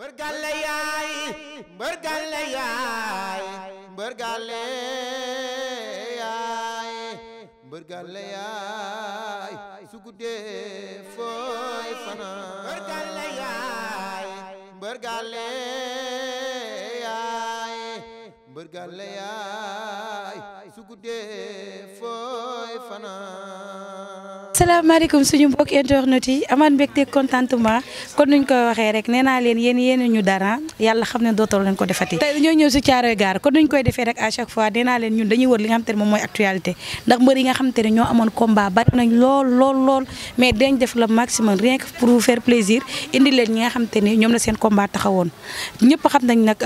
mbër gàlle yaay mbër gàlle fanaan mbër gàlle yaay salaamaaleykum suñu mbokk internet yi amaan mbégte contentement kon nuñ koy waxee rek nee leen yéen ñu dara yàlla xam ne dootoo leen ko defati tey ñoo ñëw si Thiaroye Gare kon nuñ koy defee rek à chaque fois nee naa leen ñun dañuy wër li nga xam te ne moom mooy actualité ndax mbër yi nga xam te ne ñoo amoon combat bari nañ lool lool lool mais xam te ne ñoom la seen combat taxawoon ñëpp xam nañ nag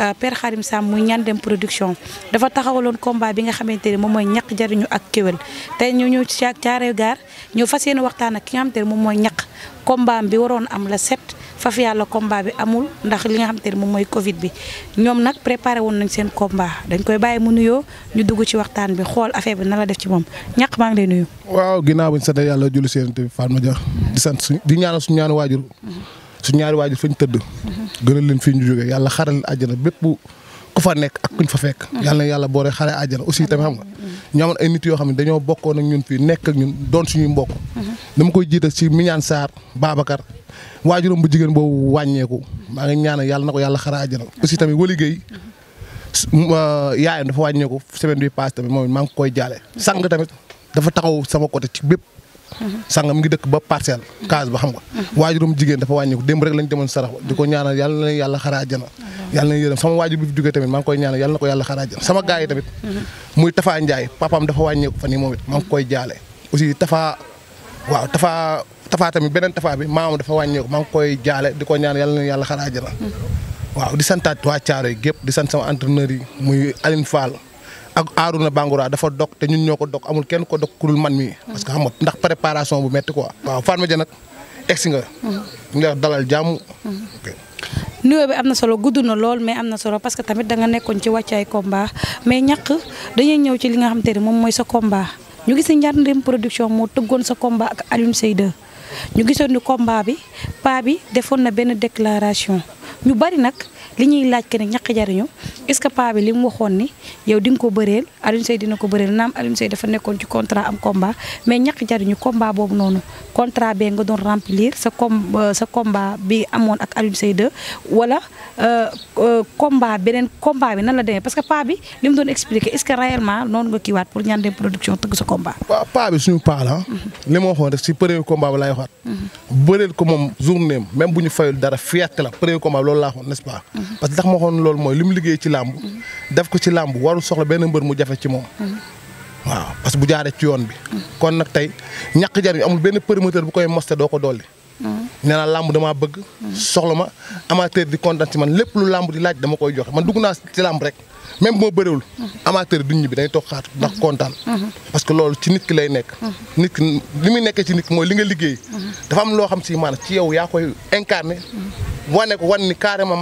euh, fas waxtaan ak ki nga xam te moom mooy ñaq combat bi waroon am la set faf yàlla combat bi amul ndax li nga xam te ne moom mooy Covid bi ñoom nag préparé woon nañ seen combat dañ koy bàyyi mu nuyoo ñu dugg ci waxtaan bi xool affaire bi na la def ci moom ñaq maa ngi lay nuyu. waaw ginnaaw bi ñu sant yàlla julli seen bi Fatma Dia di sant suñu di ñaanal suñu ñaanu waajur. Mhm. suñu ñaari waajur ñu tëdd. Mhm. gënal leen fi ñu jógee yàlla xaral àjjana bépp ku nekk ak kuñ fa fekk. Mhm. yàlla na yàlla boore xare àjjana aussi tamit xam nga ñu amoon ay nit yoo xam ne dañoo bokkoon ak ñun fii nekk ak ñun doon suñuy mbokk. Mm-hmm. dama koy jiital ci Mignane Sarr Babacar waajuram bu jigéen boobu wàññeeku maa ngi ñaanal yàlla na ko yàlla xaraa àjjana mm-hmm. aussi tamit Waly Gueye euh, yaayam dafa wàññeeku semaine bi passé tamit moom maa ngi koy jaale mm-hmm. sang tamit dafa taxaw sama côté ci bépp sangam ngi dëkk ba parcelle case ba xam nga waajurum jigéen dafa wàññi ko démb rek lañ demoon sarax ba di ko ñaanal yàlla na yàlla xara àjjana yàlla na yërëm sama waajur bi fi jógee tamit maa ngi koy ñaanal yàlla na ko yàlla xara yi tamit muy Tafa Ndiaye papaam dafa wàññeeku fan yi moom it maa koy jaale aussi Tafa waaw Tafa Tafa tamit beneen Tafa bi maamam dafa wàññeeku maa ngi koy jaale di ko ñaanal yàlla na yàlla xara àjjana waaw di santaat waa yi gépp di sant sama entraîneur yi muy Aline Fall ak aaru na Bangoura dafa dog te ñun ñoo ko dog amul kenn ko dog ku dul man mii. parce que xam nga ndax préparation bu metti quoi. waaw Fatma nag egsi nga. nga dalal jàmm. nuyoo bi am na solo gudd na lool mais am na solo parce que tamit da nga nekkoon ci wàccaay combat mais ñàkk dañuy ñëw ci li nga xam xamante ne moom mooy sa combat ñu gis Ndiar production moo tëggoon sa combat ak Alioune Seye 2 ñu gisoon ni kombaa bi paa bi defoon na benn déclaration ñu bari nag. li ñuy laaj ke ne ñaq jariñu est ce que paa bi li mu waxoon ni yow di nga ko bëreel Alioune Seye dina ko bëreel naam Alioune Seye dafa nekkoon ci contrat am combat mais ñaq jariñu combat boobu noonu contrat bee nga doon remplir sa com euh, sa combat bi amoon ak Alioune Seye 2 wala euh, euh, combat beneen combat bi nan la demee parce que paa li mu doon expliquer est ce que réellement noonu nga kiiwaat pour ñaan dem production tëgg sa combat. waaw paa bi suñu paa la ah. mhm. li ma waxoon rek si premier combat bi laay waxaat. Mhm. bëreel ko moom journée même bu ñu fayul dara fierté la premier combat loolu laa waxoon n'est-ce pas. Mhm. parce que tax ma xoon loolu mooy li mu liggéey ci làmb def ko ci làmb warul soxla benn mbër mu jafe ci moom waaw parce que bu jaaree ci yoon bi kon nag tey ñàkk jar bi amul benn promoteur bu koy moste doo ko dolli nee naa làmb damaa bëgg soxla ma amateur di kontaan ci man lépp lu làmb di laaj dama koy joxe man dugg naa ci làmb rek ma boo bëriwul amateur duñ ñibbi dañuy toog xaatu ndax kontaan parce que loolu ci nit ki lay nekk nit ki li muy nekkee ci nit ki mooy li nga liggéey dafa am loo xam si maanaam ci yaw yaa koy incarné wane ko wan ni carrément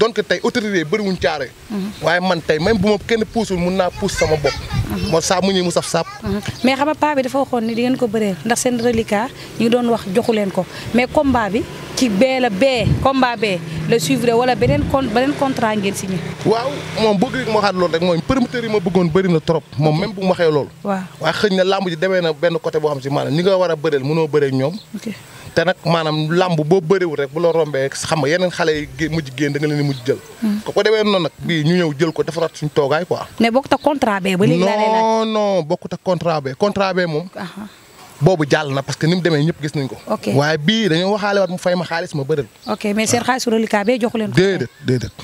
donc tey autorité yi bëriwuñ caare mhm. waaye man tey même bu ma kenn puusul mun naa puus sama bopp mhm. moo saa mu ñuy mu saf saap mhm. mais xam a paa bi dafa waxoon ni di ngeen ko bëree ndax seen reliquat ñu doon wax joxu leen ko mais combat bi ci bee la bee combat bee la suivre wala beneen con beneen contrat ngeen signé waaw moom bëgg rek ma waxaat loolu rek mooy promoteur yi ma bëggoon bëri na trop moom même bu ma waxee loolu waaw waaye xëñ na làmb ji demee na benn côté boo xam si maanaam ñi nga war a bëreel mënoo bëree ñoom te nag maanaam làmb boo bëriwul rek bu la rombee xam nga yeneen xale yi mujj génn da nga leen di mujj jël. Hmm. ko ko demee noonu nag bii ñu ñëw jël ko defaraat suñu toogaay quoi. mais bokkut ak contrat bee ba léegi. non non bokkut ak contrat bee contrat bee moom. boobu jàll na parce que ni mu demee ñëpp gis nañ ko. ok waaye bii dañoo waxaale waat mu fay ma xaalis ma bëral. ok mais seen xaalisu reliquat bee joxu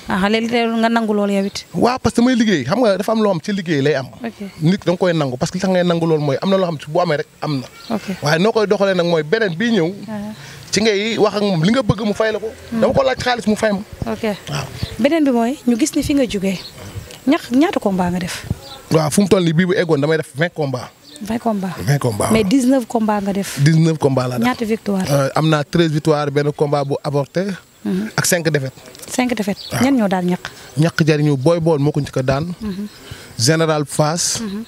ah, loolu yow waaw parce que may liggéey xam nga dafa am loo xam ci liggéey lay am. nit koy nangu na loo xam ci bu ah. wax ak moom nga bëgg mu fay la ko. Hmm. dama ko laaj xaalis mu fay ma. beneen bi mooy ñu gis ni fi nga jugee ñax ñaata combat nga def. waaw fu mu toll nii bii bu damay def vingt combat 20 combats 20 combats mais 19 combats nga def. 19 combats victoire. Euh, am naa 13 victoire benn combat bu avorté. Mhm. ak 5 défaites. 5 défaites ñan ñoo daan ñaq. ñaq jariñu booy bool moo ko njëkk daan. Mhm. général Fass. Mhm.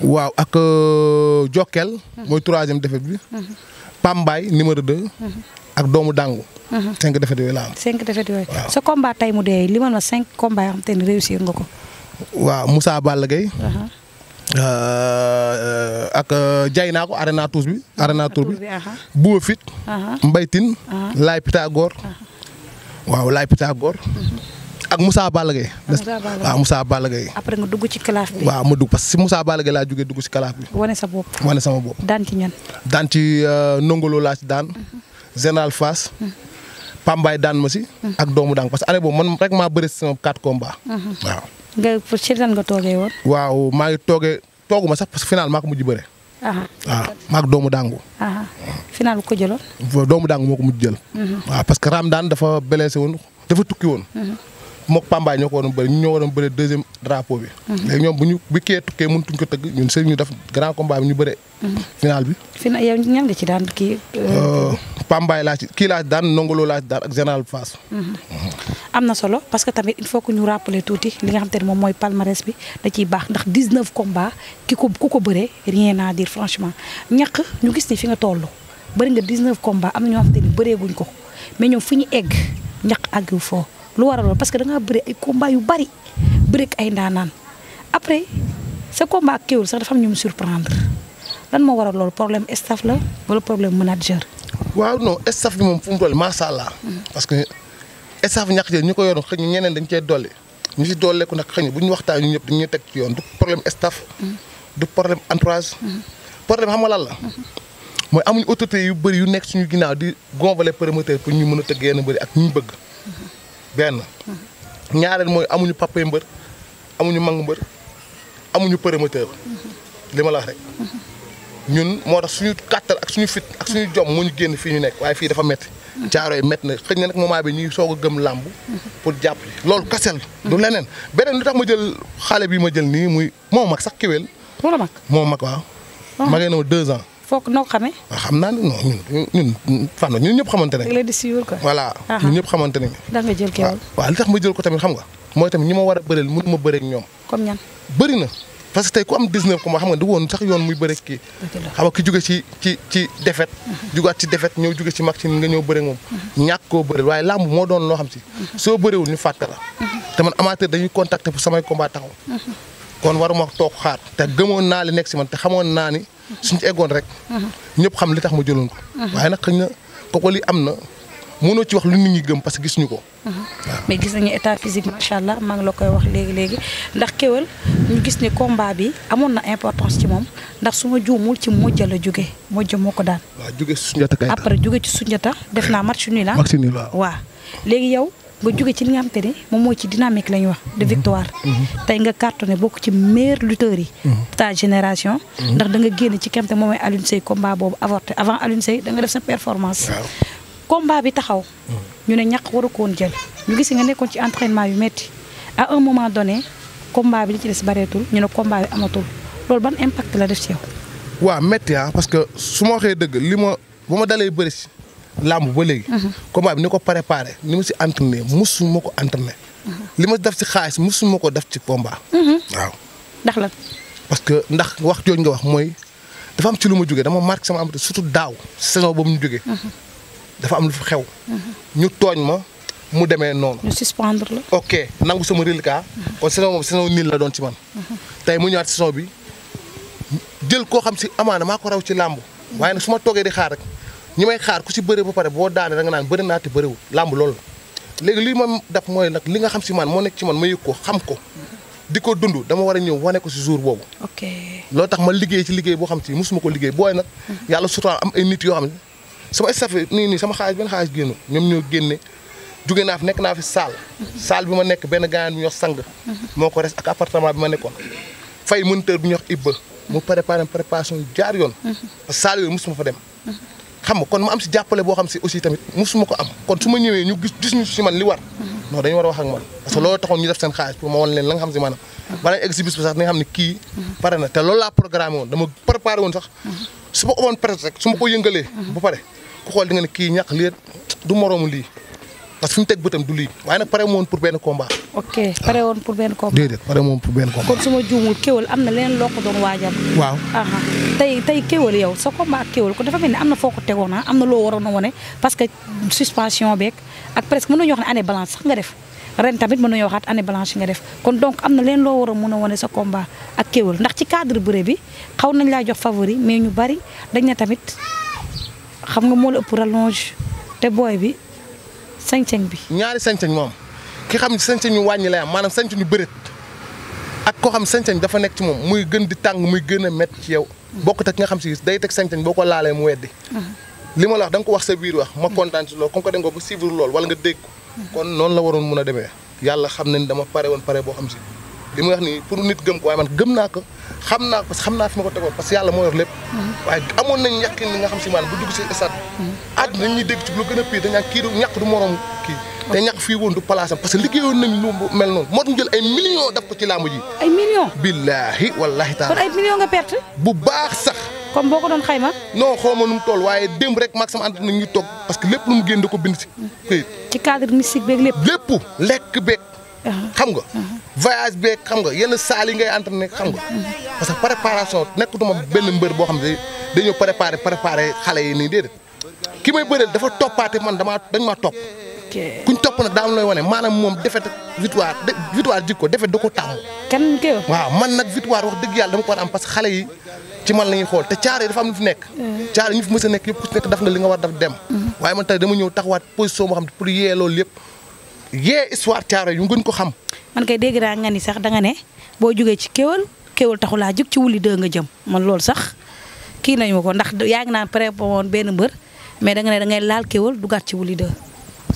waaw ak euh, Jokkel. mooy troisième défaite bi. Pambaay numéro 2. ak doomu dàngu. cinq défaites yooyu la am. cinq défaites yooyu. sa combat tey mu dee li ma cinq combats yoo xam te réussir nga ko. waaw Moussa Balla Gaye uh-huh. Euh, euh, ak euh, jaay naa ko arena tuus bi arena tuur bi buuba fit mbaytin laay Pythagore waaw laay Pythagore mhm. ak Moussa Balla Gaye waaw Moussa Balla Gaye après nga dugg ci kalaaf bi waaw ma dugg parce que si Moussa Balla Gaye laa jógee dugg si kalaaf bi wane sa sama bopp daan ci ñan daan ci nongoloo laa ci daan mhm. général Fass mhm. Pambaay daan ma si ak doomu daan parce que année boobu man rek maa bëri sama quatre combats waaw nga pour ci lan nga toogee woon. waaw maa ngi toogee toogu ma sax parce que final maa ko mujj bëre. waaw maa ko doomu dàngu. final ko jëloon. doomu dàngu moo ko mujj jël. Mhm. waaw parce que Ramadane dafa blessé woon dafa tukki woon. Mhm. mook Pambaay ñoo ko waroon bëri ñoo waroon drapeau bi. Mhm. ñoom bu ñu bu kee tukkee mëntuñ ko tëgg ñun sëñ ñu def grand combat bi ñu bëre. final bi. final yow ñan nga ci daan kii. Euh, euh, Pambaay laa ci kii laa daan nongolo laa ci daan ak général Fass. am na solo parce que tamit il faut que ñu rappeler tuuti li nga xam te ne moom mooy palmarès bi da ciy baax ndax ki ko ku ko bëree rien à dire franchement ñàkk ñu gis ni fi nga toll bëri nga 19 combats am na ñu xam te ni bëreeguñ ko mais ñoom fu ñu egg ñàkk àggu foo lu war a lool parce que da ngaa bëri ay combats yu bari bëri ak ay ndaanaan après sa combat ak kéwul sax dafa xam ñoom mu surprendre lan moo war a lool problème staff la wala problème manager. waaw non staff allah. Mm. estaf ñàkk jël ñu ko yoroon xëñ na ñeneen dañu cee dolli ñu si dolleeku nag xëy na bu ñu waxtaan ñu ñëpp dañuy teg ci yoon du problème estaf. du problème entourage. problème xam nga lan la. mooy amuñu autorité yu bëri yu nekk suñu ginnaaw di gonfale promoteur pour ñu mën a tëgg yenn bëri ak ñu bëgg. benn ñaareel mooy amuñu papay mbër amuñu mang mbër amuñu promoteur li ma la rek. ñun moo tax suñu kàttal ak suñu fit ak suñu jom moo ñu génn fii ñu nekk waaye fii dafa metti caaro yi met na xëy na nag moment bi ñuy soog a gëm làmb pour jàpp loolu kasel lu leneen beneen lu tax ma jël xale bi ma jël nii muy moo mag sax kiweel moo mag moo mag waaw magee na ma deux ans foog noo xamee waaw xam naa ne non ñun ñun fànn ñun ñëpp xamante ne la ñun ñëpp xamante ne da nga jël kiweel tax ma jël ko tamit xam nga mooy tamit ñi ma war a bëreel mënu ma bëree ak ñoom comme na parce que tey ku am 19 combats xam nga du woon sax yoon muy bëre kii. xam nga ki jóge ci ci ci défaite. Mhm. jugaat ci defet ñoo jóge ci mag ci nga ñëw bëre moom. Mhm. ñàkk koo bëre waaye làmb moo doon loo xam si. Mhm. soo bëreewul ñu fàtte la. te man amateur dañuy contacter pour samay combat taxaw. kon war ma toog xaar te gëmoon naa li nekk si man te xamoon naa ni. suñ ci eggoon rek. ñëpp xam li tax ma jëloon ko. waaye nag xëy na kooku am na. moo mënoo ci wax lu nit ñi gëm parce que gis ñu ko. mais gis nañu état physique macha allah maa ngi la koy wax léegi léegi ndax Keweul ñu gis ne combat bi amoon na importance ci moom ndax su ma juumul ci mojja la jóge moo ko daan. waaw jóge ci Sunjata Kayta après jóge ci Sunjata def naa match nul la ah. match nul waaw léegi yow nga jóge ci li nga xamante ne moom mooy ci dynamique la ñuy wax. de mhm. victoire. Mhm. tey nga cartonné bokk ci meilleur lutteur yi. Mhm. ta génération. ndax da nga génn ci kéem moom mooy Alioune boobu avorté avant Alioune da nga def combat bi taxaw. ñu ne ñaq waru ko woon jël ñu gis nga nekkoon ci entraînement yu metti à un moment donné combat bi li ci des bareetul ñu ne combat bi amatul loolu la def ci yow. Ah, parce que su ma waxee dëgg li ma ba ma dalee bëri si làmb ba léegi. Mhm. combat bi ni ko préparé ni ma si entraîné musuma ko entraîné. Mhm. li ma def si xaalis musuma ko def ci combat. Mhm. waaw. ndax la parce que ndax wax jooju nga wax mooy dafa am ci lu ma jógee dama marqué sama am surtout daaw saison boobu ñu jógee. dafa am lu fi xew. ñu tooñ ma mu demee noonu. ñu la. ok nangu sama reliquat. kon saison boobu saison niil la doon si man. tey mu ñëwaat saison bi jël koo xam si amaana maa ko raw ci làmb. waaye nag su ma toogee di xaar rek ñu may xaar ku si bëri ba pare boo daanee da nga naan bëri naa te bëriwul làmb loolu la. léegi li ma def mooy nag li nga xam si man moo nekk ci man ma yëg ko xam ko. di ko dund dama war a ñëw wane ko si jour boobu. ok tax ma liggéey ci liggéey boo xam si mosuma ko liggéey booy nag. Hmm. yàlla surtout am ay nit yoo xam sama staff nii nii sama xaalis benn xaalis génn ñoom ñoo génne jóge naa fi nekk naa fi salle salle bi ma nekk benn gaañaan bi ñu wax sang moo ko res ak appartement bi ma nekkoon fay mënteur bi ñu wax ibba mu préparé préparation yu jaar yoon parce mhm. que salle yooyu mosuma fa dem mhm. xam nga kon ma am si jàppale boo xam si aussi tamit mosuma ko am kon su ma ñëwee ñu gis gis ñu si man li war mhm. non war a wax ak man parce que ñu def seen xaalis pour ma wan leen la nga xam si ne kii pare na te loolu laa programme woon dama préparé woon sax su ma omoon presse rek su ma ko yëngalee bu pare ku xool di nga ne kii ñàkk lii du moroomu lii parce que fi mu pare woon pour benn combat. ok pare woon pour benn combat. déedéet pare woon pour benn kon su ma juumul am na leneen loo ko doon waajal. waaw tey tey kéwél yow sa combat ak kéwél ko dafa mel ni am na foo ko tegoon ah, am na loo waroon a wane parce que suspension beeg ak presque mën nañu wax ne année balance sax nga def. ren tamit mën nañoo waxaat année blanche nga def kon donc am na leen loo war a mën a wane sa combat ak kéwél ndax ci cadre bëre bi xaw nañ laa jox favori mais ñu bari dañ ne tamit xam nga moo la ëpp rallonge te booy bi sañ bi. ñaari sañ moom ki xam sañ-sañ wàññi lay maanaam sañ-sañ ñu bëreet ak koo xam sañ dafa nekk ci moom muy gën di tàng muy gën a métti ci yow. bokkut ak nga xam si day teg sañ boo ko laalee mu weddi. li ma la wax da ko wax sa biir wax ma kontaan ci loolu comme que da nga ko ba suivre loolu wala nga dégg ko. Hmm. kon noonu la waroon mun a demee yàlla xam na ni dama pare woon pare boo xam si. li ma wax nii pour nit gëm ko waaye man gëm naa ko xam naa ko xam naa fi ma ko tegoon parce que yàlla moo yor lépp mhm. waaye amoon nañ yàqin li nga xam si maanaam bu dugg si stade add mhm. nañ ñuy dégg ci lu gën a pire dañaan ko ci làmb ji ay millions perte bu baax sax comme boo ko doon xayma non xawma nu mu toll waaye démb rek maag sama ànd nañ ñu toog parce que lépp lu mu génn da ko bind si mm. ci cadre mystique beeg lépp lépp lekk beeg xam nga. voyage beeg xam nga yenn saal yi ngay ne xam nga. parce que préparation ma benn mbër boo xam ne dañoo préparé préparé xale yi nii déedéet ki may bëreel dafa toppaate man damaa dañ maa topp. kuñ topp nag daam lay wane maanaam moom défaite victoire victoire jikko ko tàmm. man nag victoire wax dëgg yàlla dama ko war am parce que xale yi ci man la ñuy xool te caare dafa am lu fi nekk. Eh. caare ñu fi mës a nekk yëpp ku ci nekk daf nga li nga war daf dem. Mm-hmm. waaye man tey dama ñëw taxawaat position boo loolu yëpp. yee histoire Thiaroye yu ngeen ko xam. man kay dégg naa nga ni sax danga ne boo jógee ci kéwél kéwél taxu laa jóg ci wuli dëgg nga jëm man loolu sax kii nañu ma ko ndax yaa ngi naan préparé woon benn mbër mais danga ne dangay laal kéwél dugaat ci wuli dëgg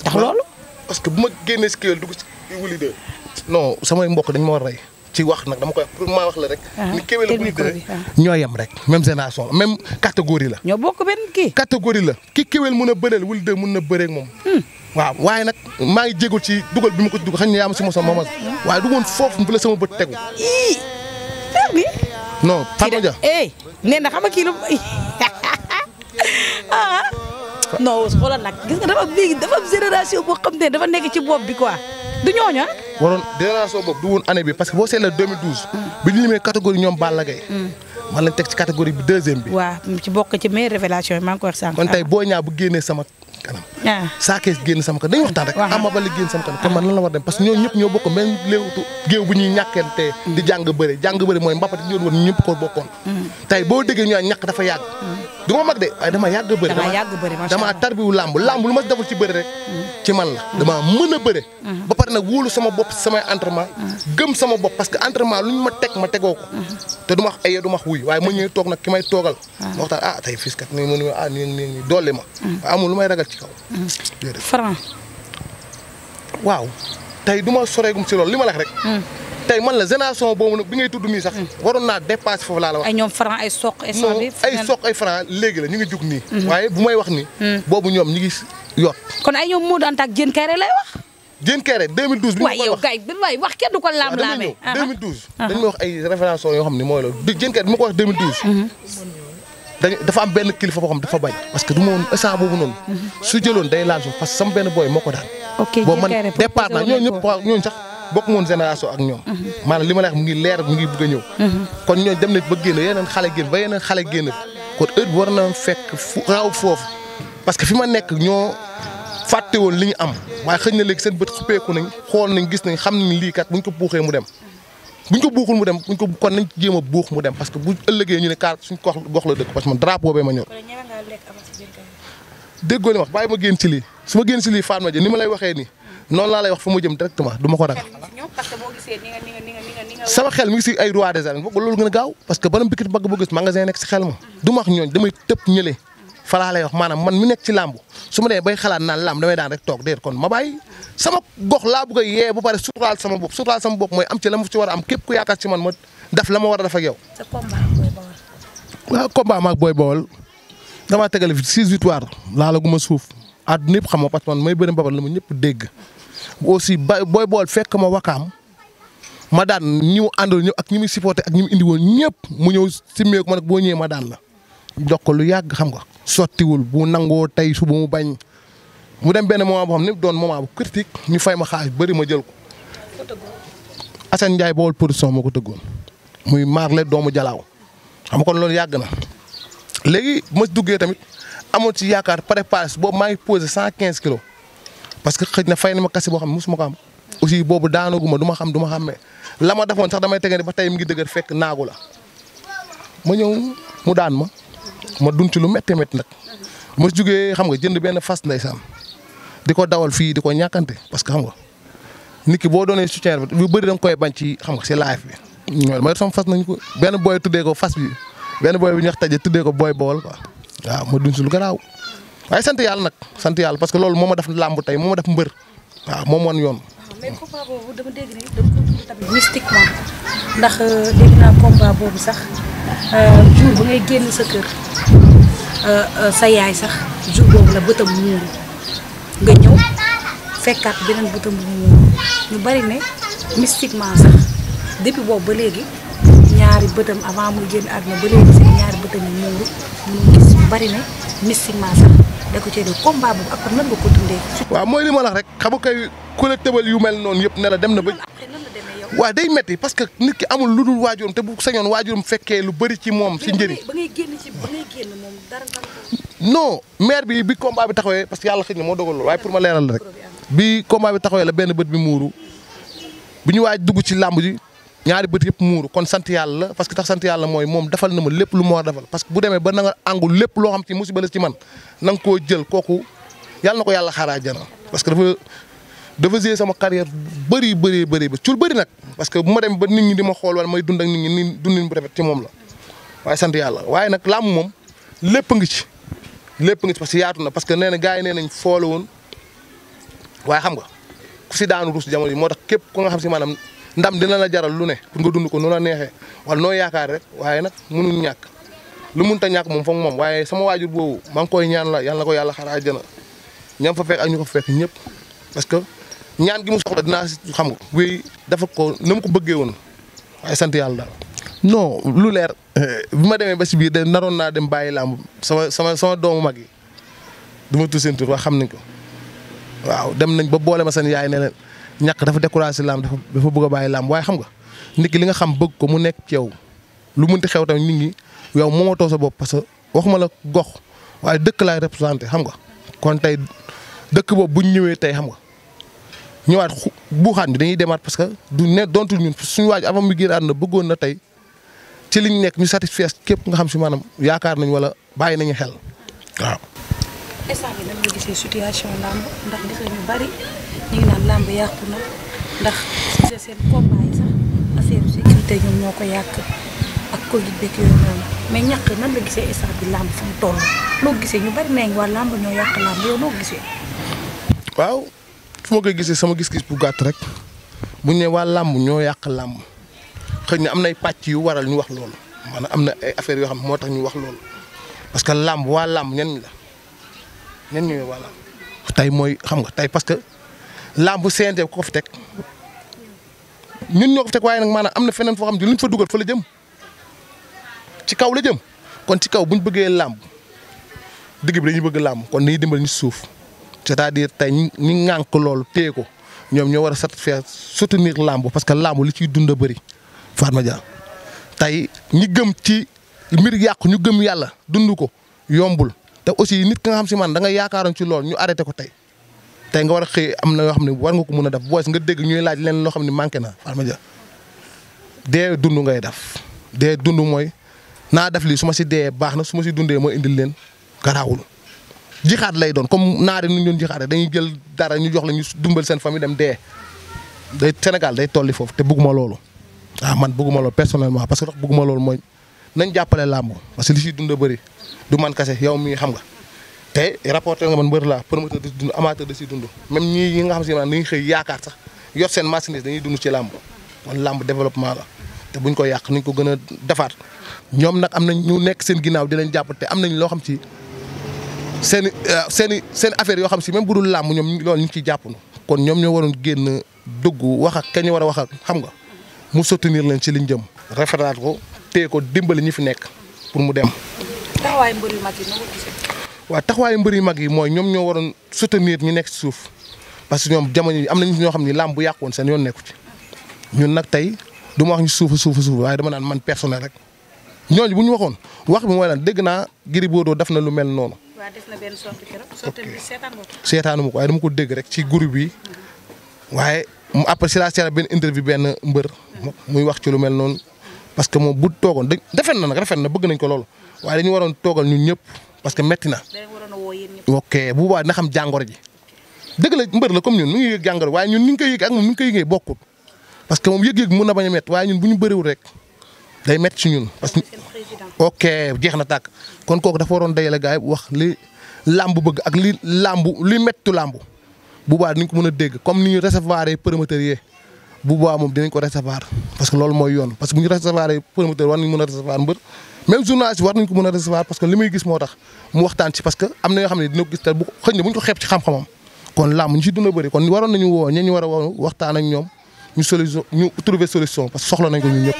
tax loolu. parce que bu ma génnee si kéwél dugg ci wuli dëgg. non samay mbokk dañ ma war a rey ci wax nag dama koy wax ma wax la rek. Ah, ni kéwél ak wuli dëgg ah. ñoo yem rek même génération même catégorie la. ñoo bokk benn kii. catégorie la ki kéwél mën a bëreel wuli dëgg mën na bëree moom hmm. waaw waaye nag maa ngi jégul ci dugal bi ma ko dugal xam ne yaa ma si mosoon moom waaye du woon foofu bu sama bët tegu. ii fer bi. non Fatma Dia eh nee na xam nga kii la ah, ah non xoolal nag gis nga dafa léegi dafa am génération boo xam dafa nekk ci bopp bi quoi du ñooñu ah. waroon génération boobu du bi parce que boo seetlee 2012. Mm. bi ñu limee catégorie ñoom Balla Gaye. Mm. man lañ ci catégorie bi deuxième bi. waa ci bokk ci meilleure révélation yi maa ngi kon tey boo ñaa bu génnee sama. kanam ah. saa kees génn sama kanam dañuy waxtaan rek ama bali génn sama kanam parce que ñooñu ñëpp ñoo bokkoon même léewtu géew bu ñuy ñàkkente di jàng bëre jàng bëre mooy mbapat yi ñoon woon ñëpp ko bokkoon hmm. tey boo déggee ñu ñàkk dafa yàgg hmm. du ma mag de waaye dama yàgg bëri dama yàgg bëri dama tarbiwu làmb làmb lu ma deful ci bëri rek ci man la dama mën a bëri ba pare nag wóolu sama bopp samay ma gëm sama bopp parce que entraînement lu ñu ma teg ma tegoo ko te du ma wax wax wuy waaye ma ñëw toog nag ki may toogal ma waxtaan ah tey fils kat ni mënu ah ni ni dolli ma amul lu may ragal ci kaw Franc waaw tey du ma soreegum si loolu li ma lex rek tey man la génération boobu nag bi ngay tudd nii sax. Hmm. waroon naa dépassé foofu laa la wax. ñoom franc ay soq ay soq ay franc léegi la ñu ngi jug nii. Hmm. waaye bu may wax ni hmm. boobu ñoom ñu ngi yot. ko laam uh-huh. ma uh-huh. wax ay références yoo xam ne mooy loolu Diène Kairé bi uh-huh. dafa am benn kilifa boo xam dafa bañ. parce que du ma woon instant boobu noonu. su jëloon day laal suuf parce que sama benn booy moo ko daan. départ naa ñooñu ñëpp ñooñu sax bokk moon génération ak ñoom maanaam li ma la wax mu ngi leer mu ngi bugg a ñëw kon ñooñu dem nañ ba génn yeneen xale génn ba yeneen xale génn kon heure war na fekk fu foofu parce que fi ma nekk ñoo fàtte woon li ñu am waaye xëy na léegi seen bët xuppeeku nañ xool nañ gis nañ xam nañ lii kat buñ ko buuxee mu dem buñ ko buuxul mu dem buñ ko kon nañ jéem a buux mu dem parce que bu ëllëgee ñu ne kaar suñ gox gox la dëkk parce que man drapeau bee ma ñor déggoo li wax bàyyi ma génn ci lii su ma génn ci lii Fatma Dia ni ma lay waxee nii noonu laa lay wax fa mu jëm directement du ma ko ragal. sama xel mi ngi si ay roi des arènes loolu gën a gaaw parce que banam bikit bagg boo gis magasin nekk si xel ma du ma wax ñooñ damay tëb ñële falaa lay wax maanaam man mi nekk ci làmb su ma demee bay xalaat naa làmb damay daan rek toog déet kon ma bàyyi sama gox laa bëgg a pare suturaal sama bopp suturaal sama bopp mooy am ci la ma ci war am képp ku yaakaar ci man ma daf la ma war a def ak yow. sa combat ak Boy Bawol. waaw combat maag Boy Bawol damaa suuf àdduna yëpp xam ma parce que man may bëri mbapat la ma ñëpp dégg aussi ba booy bool fekk ma wakaam ma daan ñi mu àndal ñëpp ak ñi muy supporté ak ñi mu indi woon ñëpp mu ñëw simmeeku ma nag boo ñëwee ma daan la jox lu yàgg xam nga sottiwul bu nangoo tey suba mu bañ mu dem benn moment boo xam ne doon moment bu critique ñu fay ma xaalis bëri ma jël ko Assane Ndiaye Baol production moo ko tëggoon muy Marley doomu Jalaaw xam kon loolu yàgg na léegi ma duggee tamit amoon ci yaakaar préparé boobu maa ngi posé cent quinze kilos parce que xëj na fay na ma kasi boo xam ne mosuma ko am. aussi boobu daanaguma du ma xam du ma xàmmee la ma defoon sax damay tege ba tey mi ngi dëgër fekk naagu la ma ñëw mu daan ma ma dund ci lu méttee métti nag. ma jugee xam nga jënd benn fas ndeysaan di ko dawal fii di ko ñàkkante parce que xam nga nit ki boo doonee soutien bu bëri da koy bañ ci xam nga si live bi. ma yor sama fas nañ ko benn booy tuddee ko fas bi benn booy bu ñax taje tuddee ko booy bool quoi. waaw ma dund si lu garaaw waaye sant yàlla nag sant yàlla parce que loolu moo ma def làmb tey moo ma def mbër waaw moom woon yoon. mais combat boobu dama sax jour boobu ba léegi ñaari bëtam avant muy génn àdduna ba léegi seen ñaari bëtam yi muuru ñu bari na mystiquement sax da ko cee def waaw mooy li ma la rek xam nga kay ku la tëbal yu mel noonu yëpp ne la dem na ba. waaw day metti parce que nit ki amul lu dul waajuram te bu sañoon waajuram fekkee lu bari ci moom. si njëriñ ci ba non maire bi bi combat bi taxawee parce que yàlla xëy na moo dogal loolu waaye pour ma leeral la rek bi combat bi taxawee la benn bët bi muuru bi ñu waaj dugg ci làmb ji ñaari bët yëpp muuru kon sant yàlla parce que tax sant yàlla mooy moom defal na ma lépp lu ma war defal parce que bu demee ba na koo jël kooku yàlla ko yàlla xaaraa jana parce que dafa dafa gée sama carrière bëri bëri bëri ba cul bëri nag parce que bu ma dem ba nit ñi di ma xool wala dund ak nit ñi ni dundin bu rafet ci moom la waaye sant yàlla waaye làmb moom lépp ngi ci lépp ngi ci parce que yaatu na parce que nee na gars yi nee nañ foole woon waaye xam nga ku si daanu ruus jamono yi moo tax képp ku nga xam si maanaam ndam dina la jaral lu ne pour nga dund ko nu la neexee wala noo yaakaar rek waaye nag mënuñ ñàkk lu ta ñàkk moom foog moom waaye sama waajur boobu maa ngi koy ñaan la yàlla ko yàlla xaar àjjana ñam fa fekk ak ñu ko fekk ñëpp parce que ñaan gi mu soxla dinaa xam nga wéy dafa ko na mu ko bëggee woon waaye sant yàlla daal. non lu leer euh, bi ma demee ba si biir de naroon naa dem bàyyi làmb sama sama sama doomu mag yi du ma tudd seen tur wax xam nañ ko waaw dem nañ ba boole ma seen yaay ne ñàkk dafa découragé làmb dafa dafa bàyyi làmb waaye xam nga nit ki li nga xam bëgg ko mu nekk ci yow lu mënti xew tamit nit ngi yow moomatoo sa bopp parce que waxuma la gox waaye dëkk laay représenté xam nga kon tey dëkk boobu bu ñëwee tey xam nga ñëwaat xu buuxaat ñu dañuy demaat parce que du ne dontul ñun suñu waaj avant mu génn na bëggoon na tey ci liñ nekk ñu satisfaire képp nga xam si maanaam yaakaar nañ wala bàyyi nañu xel waaw. làmb yàqu na ndax ci seen combat yi sax affaire sécurité ñoom ñoo ko yàq ak Covid mais ñàkk nan la gisee instant bi làmb fu mu toll loo gisee ñu bari nañ waa waaw fu ma koy gisee sama gis-gis bu gàtt rek bu ne waa làmb ñoo yàq làmb xëy na am nay pàcc yu waral ñu wax loolu maanaam am na ay affaires yoo xam moo tax ñu wax loolu parce que làmb waa làmb ñenn ñi la ñenn ñooy waa làmb tey mooy xam nga tey parce que. làmb seente ko fi teg ñun ñoo ko fi waaye nag maanaam am na feneen foo xam ne luñ fa dugal fa la jëm ci kaw la jëm kon ci kaw buñ bëggee làmb digg bi ñu bëgg làmb kon dañuy dimbal ñu suuf c'est-à-dire tey ñi ŋànk loolu téye ko ñoom ñoo war a satisfaire soutenir làmb parce que làmb li ciy dund a bëri Fatma Dia tey ñu gëm ci mbir yàqu ñu gëm yàlla dundu ko yombul te aussi nit ki nga xam si man da nga yaakaaroon ci lool ñu arrêté ko tey tey nga war a xëy am na yoo xam ne war nga ko mën a def boo nga dégg ñuy laaj leen loo xam ne manqué na almadia dee dund ngay def dee dund mooy naa def lii su ma si dee baax na su ma si dundee mooy indil leen garaawul jixaat lay doon comme naari nu ñu doon jixaat dañuy jël dara ñu jox la ñu dumbal seen famille dem dee day Sénégal day tolli foofu te bëgguma loolu ah man bëgguma loolu personnellement parce que tax bëgguma loolu mooy nañ jàppale làmb parce que li siy dund bëri du man kese yow mii xam nga te rapporter nga man mbër laa promoteur da si dund amateur da si dund même ñi ñi nga xam si maanaam dañuy xëy yaakaar sax yor seen marchandise dañuy dund ci làmb kon làmb développement la te buñ ko yàq nuñ ko gën a defaat ñoom nag am nañ ñu nekk seen ginnaaw dinañ leen jàpp te am nañ loo xam ci euh, seen i seen seen affaire yoo xam si même bu dul làmb ñoom loolu ñu ngi ciy jàppnu kon ñoom ñoo waroon génn dugg wax ak kañ war a wax xam nga mu soutenir leen ci liñ jëm rafetaat ko téye ko dimbali ñu fi nekk pour mu dem. waaw taxawaayu mbër yu mag yi mooy ñoom ñoo waroon soutenir ñu nekk ci suuf parce que ñoom jamono yi am na nit ñoo xam ni làmb bu yàqu woon seen yoon nekku ci ñun nag tey du ma wax ñu suuf suuf suuf waaye dama naan man personnel rek ñooñu bu ñu waxoon wax bi mooy lan dégg naa Gris Bordeaux def na lu mel noonu. waaw def ko. seetaanu waaye dama ko dégg rek ci groupe bi waaye mu après si laa benn interview benn mbër. muy wax ci lu mel noonu. parce que moom bu toogoon dañ defen na nag rafet na bëgg nañ ko loolu waaye dañu waroon toogal ñun ñëpp parce que metti na. ok bu boobaa dina xam jàngoro ji. dëgg la mbër la comme ñun mi ngi yëg jàngoro waaye ñun ni ñu koy yëg ak moom ni ñu koy yëgee bokkut parce que moom yëg-yëg mun na bañ a métti waaye ñun bu ñu bëriwul rek day mett ci ñun. parce que ok jeex na tàkk kon kooku dafa waroon dayale yi wax li làmb bëgg ak li làmb li méttu làmb bu boobaa dinañ ko mën a dégg comme ni ñu recevoir ay promoteurs yi bu boobaa moom dinañ ko recevoir parce que loolu mooy yoon parce que bu ñu recevoir même journaliste war nañ ko mën a recevoir parce que li muy gis moo tax mu waxtaan ci parce que am na yoo xam ne dina ko gis te bu xëy na bu ñu ko xeeb ci xam-xamam kon làmb ñu ci dund bëri kon waroon nañu woo ña ñu war a woo waxtaan ak ñoom ñu solution ñu trouver solution parce que soxla nañ ko ñun ñëpp.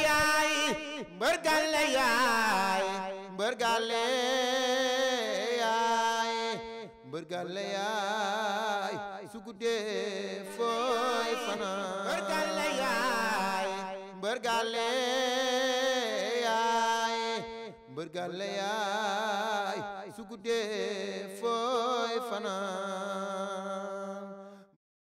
mbër góor gaal